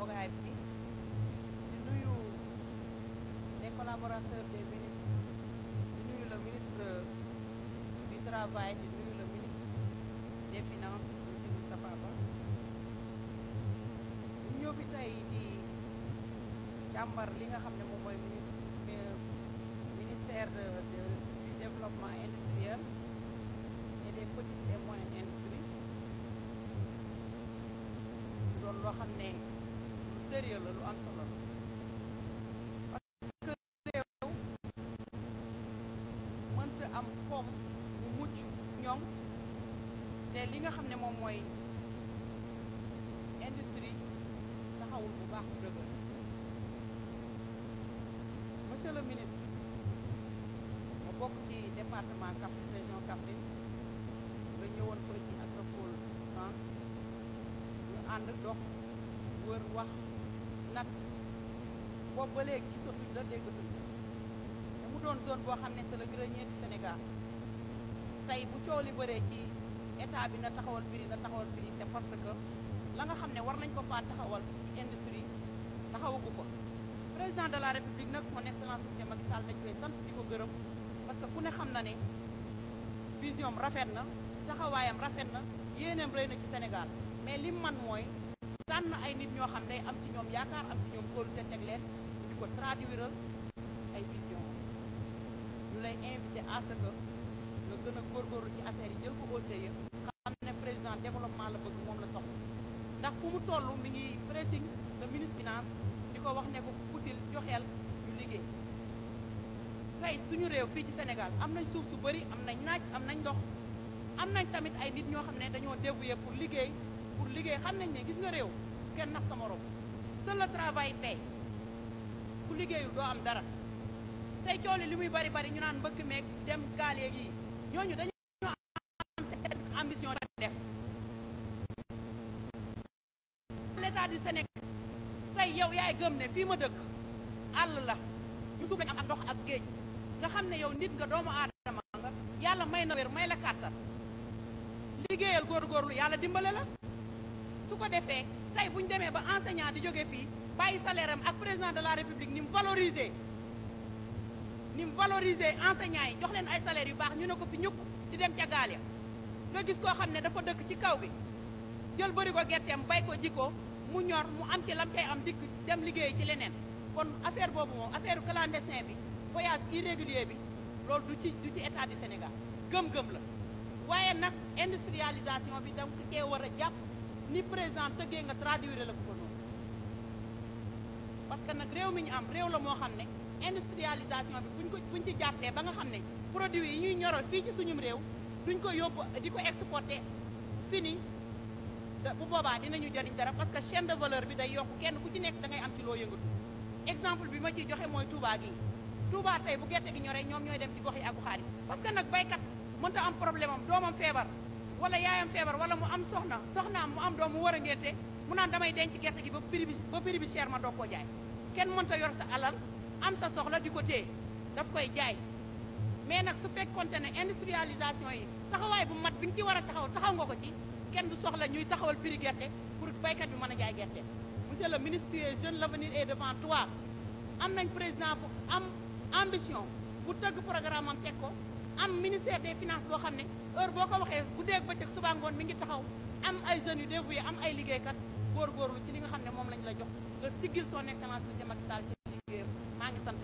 OGAIP bi di nuyu les collaborateurs des ministres di nuyu le ministre du travail di nuyu le ministre des finances monsieur Moustapha Ba ñoo fi tey di càmbar li nga xam ne moom mooy ministre euh, ministère de du développement industriel et des petites et moyennes industries doon loo xam ne sérieux la lu am la parce mënta am koom bu mucc ñoom te li nga xam ne moom mooy industrie taxawul bu baax bu dëgër monsieur ministre ma bokk ci département Kaffrine région Kaffrine nga ñëwoon fooy ci agropole centre ah, ñu ànd dox wër wax natt boobu ba léegi gisatuñ la déggatuñ te mu doon zone boo xam ne c'est le grenier du Sénégal tey bu coow li bëree ci etaa bi na taxawal prix na taxawal prix c'est parce que la nga xam ne war nañ ko faa taxawal ci industrie taxawagu fa président de république nag son excellence monsieur Macky Sall sant di ko gërëm parce que ku ne xam na ne vision rafet na taxawaayam rafet na yéeneem rëy na ci Sénégal mais lim man mooy tànn ay nit ñoo xam ne am ci ñoom yaakaar am ci ñoom kóolute teg leen di ko traduiral ay vision ñu lay invité à nga gën a góorgóorlu ci affaire yi jël ko au sérieux xam ne président développement la bëgg moom la soxla ndax fu mu toll mi ngi pressing le ministre finance di ko wax ne ko joxeel ñu liggéey tey suñu réew fii ci senegal am nañ suuf su bëri am nañ naaj am nañ ndox am nañ tamit ay nit ñoo xam ne dañoo débrouillé pour liggéey pour liggéey xam nañ ne gis nga réew kenn nax sa morom seul le travail ku liggéeyul doo am dara tey coole li muy bari bari ñu naan mbëkk meeg dem gaal yi ñooñu dañu am seen ambition def tey yow yaay gëm ne fii ma dëkk àll la ñu suuf lañ am ak ndox ak géej nga xam ne yow nit nga doomu aadama nga yàlla may na wér may la kàttan liggéeyal góorgóorlu yàlla dimbale la su ko defee tey bu ñu demee ba enseignant di jóge fii bàyyi salaire am ak président de la république ni mu valoriser ni mu valoriser yi jox ay salaire yu baax ñu ne ko fi ñukk di dem ca gaal ya gis koo xam ne dafa dëkk ci kaw bi jël bëri ko gerteem bay ko jikko mu ñor mu am ci lam cay am dikk dem liggéey ci leneen kon affaire boobu moom affaire clandestin bi voyage irrégulier bi loolu du ci du ci état du Sénégal gëm-gëm la waaye nag industrialisation bi donc cee war ni président tëggee nga traduire la ko noonu parce que nag réew mi ñu am réew la moo xam ne industrialisation bi buñ ko buñ ci jàppee ba nga xam ne produit yi ñuy ñorol fii ci suñum réew duñ ko yóbbu di ko exporter fini bu boobaa dinañu jëriñ dara parce que chaîne de valeur bi day yokk kenn ku ci nekk da ngay am ci loo yëngatu exemple bi ma ciy joxe mooy Touba gii Touba tey bu gerte gi ñoree ñoom ñooy dem ci gox yi ak xaar yi parce que nag baykat am problème am feebar wala yaayam feebar wala mu am soxna soxnaam mu am doom mu war a ngénte mu naan damay denc gerte gi ba prix bi ba prix bi cher ma doo koo jaay kenn mënta yor sa alal am sa soxla di ko téye daf koy jaay mais nag su fekkonte ne industrialisation yi taxawaay bu mat bi nga ci war a taxaw taxaw nga ko ci kenn du soxla ñuy taxawal prix gerte pour baykat bi mën a jaay gerte monsieur le ministre tu es jeune l'avenir est devant toi am nañ président bu am ambition bu tëgg ko am ministère des finance boo xam ne heure boo ko waxee guddeeg bëccëg suba ngoon mi ngi taxaw am ay jeunes yu dévoués am ay liggéeykat góorgóorlu ci li nga xam ne moom lañ la jox nga siggil son excellence monsieur Macky Sall ci liggéeyam maa ngi sant